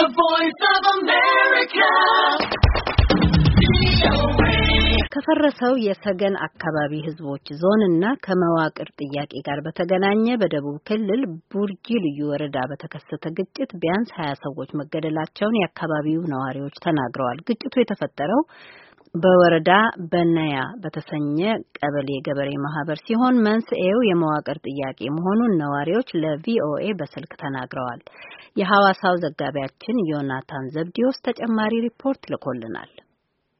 The Voice of America. ከፈረሰው የሰገን አካባቢ ህዝቦች ዞን እና ከመዋቅር ጥያቄ ጋር በተገናኘ በደቡብ ክልል ቡርጂ ልዩ ወረዳ በተከሰተ ግጭት ቢያንስ ሀያ ሰዎች መገደላቸውን የአካባቢው ነዋሪዎች ተናግረዋል። ግጭቱ የተፈጠረው በወረዳ በነያ በተሰኘ ቀበሌ ገበሬ ማህበር ሲሆን መንስኤው የመዋቅር ጥያቄ መሆኑን ነዋሪዎች ለቪኦኤ በስልክ ተናግረዋል። የሐዋሳው ዘጋቢያችን ዮናታን ዘብዲዮስ ተጨማሪ ሪፖርት ልኮልናል።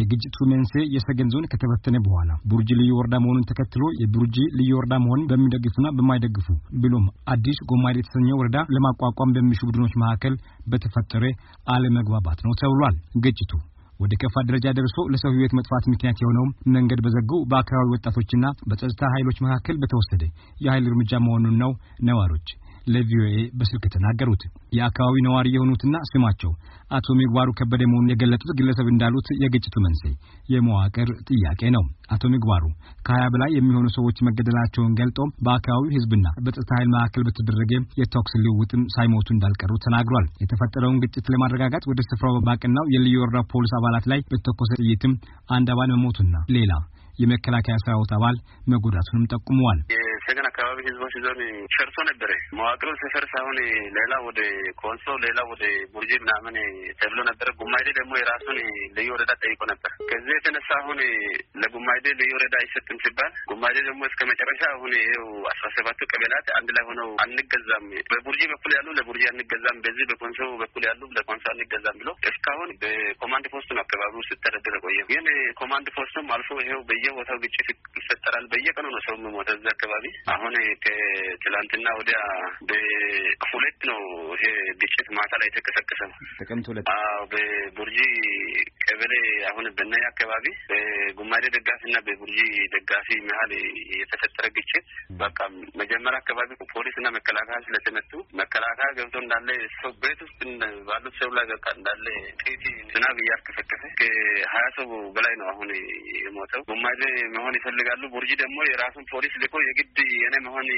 የግጭቱ መንስኤ የሰገን ዞን ከተበተነ በኋላ ቡርጂ ልዩ ወረዳ መሆኑን ተከትሎ የቡርጂ ልዩ ወረዳ መሆኑን በሚደግፉና በማይደግፉ ብሎም አዲስ ጎማዴ የተሰኘ ወረዳ ለማቋቋም በሚሹ ቡድኖች መካከል በተፈጠረ አለመግባባት ነው ተብሏል ግጭቱ ወደ ከፋ ደረጃ ደርሶ ለሰው ህይወት መጥፋት ምክንያት የሆነውም መንገድ በዘጉ በአካባቢ ወጣቶችና በጸጥታ ኃይሎች መካከል በተወሰደ የኃይል እርምጃ መሆኑን ነው ነዋሪዎች ለቪኦኤ በስልክ የተናገሩት። የአካባቢ ነዋሪ የሆኑትና ስማቸው አቶ ምግባሩ ከበደ መሆኑን የገለጡት ግለሰብ እንዳሉት የግጭቱ መንስኤ የመዋቅር ጥያቄ ነው። አቶ ምግባሩ ከሀያ በላይ የሚሆኑ ሰዎች መገደላቸውን ገልጦ በአካባቢው ሕዝብና በጸጥታ ኃይል መካከል በተደረገ የተኩስ ልውውጥም ሳይሞቱ እንዳልቀሩ ተናግሯል። የተፈጠረውን ግጭት ለማረጋጋት ወደ ስፍራው በባቅናው የልዩ ወረዳ ፖሊስ አባላት ላይ በተኮሰ ጥይትም አንድ አባል መሞቱና ሌላ የመከላከያ ሰራዊት አባል መጎዳቱንም ጠቁመዋል። ሰገን አካባቢ ህዝቦች ዞን ሸርቶ ነበረ። መዋቅሩ ሲፈርስ አሁን ሌላ ወደ ኮንሶ፣ ሌላ ወደ ቡርጂ ምናምን ተብሎ ነበረ። ጉማይዴ ደግሞ የራሱን ልዩ ወረዳ ጠይቆ ነበር። ከዚህ የተነሳ አሁን ለጉማይዴ ልዩ ወረዳ አይሰጥም ሲባል ጉማይዴ ደግሞ እስከ መጨረሻ አሁን ይኸው አስራ ሰባቱ ቀበላት አንድ ላይ ሆነው አንገዛም፣ በቡርጂ በኩል ያሉ ለቡርጂ አንገዛም፣ በዚህ በኮንሶ በኩል ያሉ ለኮንሶ አንገዛም ብሎ እስካሁን በኮማንድ ፖስቱ አካባቢው ስተዳደር ቆየ። ግን ኮማንድ ፖስቱም አልፎ ይኸው በየቦታው ግጭት ይፈጠራል። በየቀኑ ነው ሰው የሚሞተው እዚህ አካባቢ አሁን ከትላንትና ወዲያ በሁለት ነው ይሄ ግጭት ማታ ላይ የተቀሰቀሰ ጥቅምት ሁለት አዎ በቡርጂ ቀበሌ አሁን በናይ አካባቢ በጉማዴ ደጋፊ እና በቡርጂ ደጋፊ መሀል የተፈጠረ ግጭት በቃ መጀመሪያ አካባቢ ፖሊስና መከላከያ ስለተመቱ መከላከያ ገብቶ እንዳለ ሰው ቤት ውስጥ ባሉት ሰው ላይ በቃ እንዳለ ጥይት ዝናብ እያርከፈከፈ ከሀያ ሰው በላይ ነው አሁን የሞተው። ጉማዜ መሆን ይፈልጋሉ። ቡርጂ ደግሞ የራሱን ፖሊስ ልኮ የግድ የኔ መሆን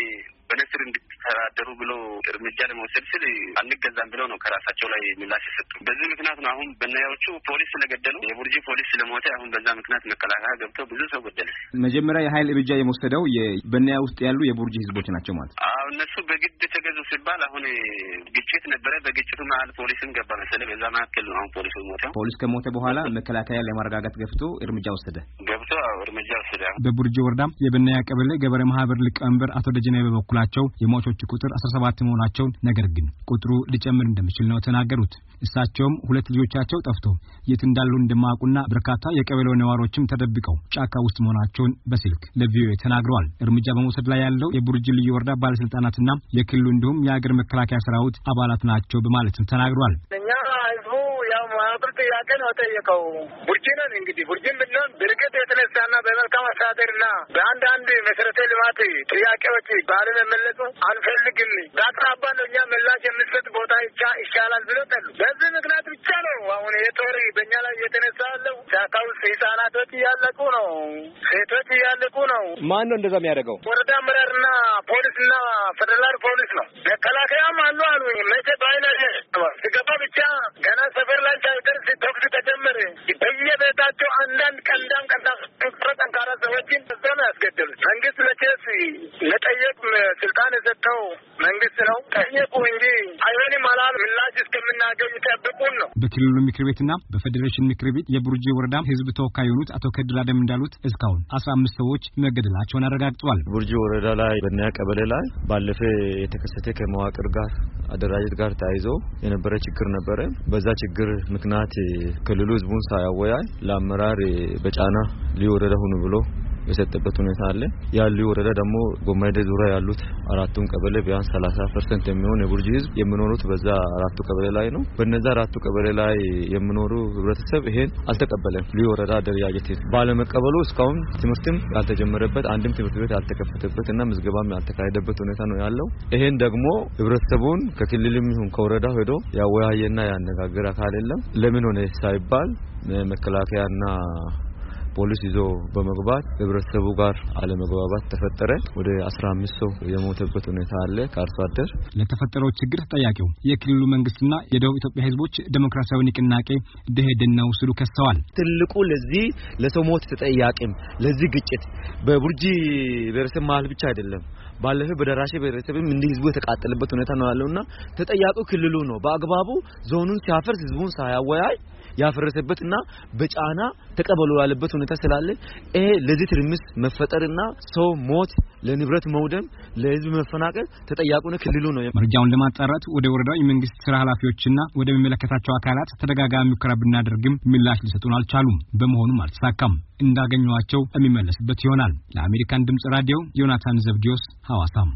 በነስር እንድትተዳደሩ ብሎ እርምጃ ለመውሰድ ስል አንገዛም ብለው ነው ከራሳቸው ላይ ምላሽ የሰጡ። በዚህ ምክንያት ነው አሁን በናያዎቹ ፖሊስ ስለገደሉ የቡርጂ ፖሊስ ስለሞተ አሁን በዛ ምክንያት መከላከያ ገብቶ ብዙ ሰው ገደለ። መጀመሪያ የሀይል እርምጃ የመወሰደው የበናያ ውስጥ ያሉ የቡርጂ ህዝቦች ናቸው ማለት ነው። እነሱ በግድ ተገዙ ሲባል አሁን ግጭት ነበረ። በግጭቱ መሀል ፖሊስም ገባ መሰለህ። በዛ መካከል ነው አሁን ፖሊሱ ሞተ። ፖሊስ ከሞተ በኋላ መከላከያ ለማረጋጋት ገብቶ እርምጃ ወሰደ። ገብቶ እርምጃ ወሰደ። በቡርጂ ወረዳ የበናያ ቀበሌ ገበሬ ማህበር ሊቀመንበር አቶ ደጀኔ በበኩላቸው የሟቾቹ ቁጥር አስራ ሰባት መሆናቸውን ነገር ግን ቁጥሩ ሊጨምር እንደሚችል ነው ተናገሩት። እሳቸውም ሁለት ልጆቻቸው ጠፍቶ የት እንዳሉ እንደማያውቁና በርካታ የቀበሌው ነዋሪዎችም ተደብቀው ጫካ ውስጥ መሆናቸውን በስልክ ለቪኦኤ ተናግረዋል። እርምጃ በመውሰድ ላይ ያለው የቡርጅ ልዩ ወረዳ ባለስልጣናትና የክልሉ እንዲሁም የሀገር መከላከያ ሰራዊት አባላት ናቸው በማለትም ተናግሯል። ጥያቄ ነው የጠየቀው። ቡርጅንን እንግዲህ ቡርጅን ብንሆን በርቀት የተነሳና በመልካም አስተዳደርና በአንዳንድ መሰረተ ልማት ጥያቄዎች ባለመመለሱ አንፈልግም፣ በአቅራባ ነው እኛ ምላሽ የምሰጥ ቦታ ይሻላል ብሎ ጠሉ። በዚህ ምክንያት ብቻ ነው አሁን የጦር በእኛ ላይ የተነሳ ያለው። ጫካ ውስጥ ህጻናቶች እያለቁ ነው፣ ሴቶች እያለቁ ነው። ማን ነው እንደዛ የሚያደርገው? ወረዳ አመራርና ፖሊስና ፌደራል ፖሊስ ነው። መከላከያም አሉ አሉ መቼ ባይነ ሲገባ የሰጠው መንግስት ነው። ጠይቁ እንጂ አይሆንም አላል ምላሽ እስከምናገኝ ጠብቁን ነው። በክልሉ ምክር ቤትና በፌዴሬሽን ምክር ቤት የቡርጂ ወረዳ ህዝብ ተወካይ የሆኑት አቶ ከድር አደም እንዳሉት እስካሁን አስራ አምስት ሰዎች መገደላቸውን አረጋግጠዋል። ቡርጂ ወረዳ ላይ በናያ ቀበሌ ላይ ባለፈ የተከሰተ ከመዋቅር ጋር አደራጀት ጋር ተያይዞ የነበረ ችግር ነበረ። በዛ ችግር ምክንያት ክልሉ ህዝቡን ሳያወያይ ለአመራር በጫና ልዩ ወረዳ ሁኑ ብሎ የሰጠበት ሁኔታ አለ። ያሉ ወረዳ ደግሞ ጎማይደ ዙሪያ ያሉት አራቱም ቀበሌ ቢያንስ 30 ፐርሰንት የሚሆን የቡርጂ ህዝብ የሚኖሩት በዛ አራቱ ቀበሌ ላይ ነው። በነዛ አራቱ ቀበሌ ላይ የሚኖሩ ህብረተሰብ ይሄን አልተቀበለም። ልዩ ወረዳ አደረጃጀት ባለመቀበሉ እስካሁን ትምህርትም ያልተጀመረበት አንድም ትምህርት ቤት ያልተከፈተበት እና ምዝገባም ያልተካሄደበት ሁኔታ ነው ያለው። ይሄን ደግሞ ህብረተሰቡን ከክልልም ይሁን ከወረዳ ሄዶ ያወያየና ያነጋገረ አካል የለም። ለምን ሆነ ሳይባል መከላከያና ፖሊስ ይዞ በመግባት ህብረተሰቡ ጋር አለመግባባት ተፈጠረ። ወደ አስራ አምስት ሰው የሞተበት ሁኔታ አለ። ከአርሶ አደር ለተፈጠረው ችግር ተጠያቂው የክልሉ መንግስትና የደቡብ ኢትዮጵያ ህዝቦች ዴሞክራሲያዊ ንቅናቄ ደኢህዴን ነው ሲሉ ከሰዋል። ትልቁ ለዚህ ለሰው ሞት ተጠያቂም ለዚህ ግጭት በቡርጂ ብሔረሰብ መሀል ብቻ አይደለም ባለፈ በደራሼ ብሔረሰብም እንዲህ ህዝቡ የተቃጠለበት ሁኔታ ነው ያለውና ተጠያቂው ክልሉ ነው። በአግባቡ ዞኑን ሲያፈርስ ህዝቡን ሳያወያይ ያፈረሰበትና በጫና ተቀበሎ ያለበት ሁኔታ ስላለ ይሄ ለዚህ ትርምስ መፈጠርና ሰው ሞት፣ ለንብረት መውደም፣ ለህዝብ መፈናቀል ተጠያቂውን ክልሉ ነው። መረጃውን ለማጣራት ወደ ወረዳው የመንግስት ስራ ኃላፊዎችና ወደሚመለከታቸው አካላት ተደጋጋሚ ሙከራ ብናደርግም ምላሽ ሊሰጡን አልቻሉም። በመሆኑም አልተሳካም። እንዳገኘኋቸው የሚመለስበት ይሆናል። ለአሜሪካን ድምፅ ራዲዮ ዮናታን ዘብዲዮስ ሐዋሳም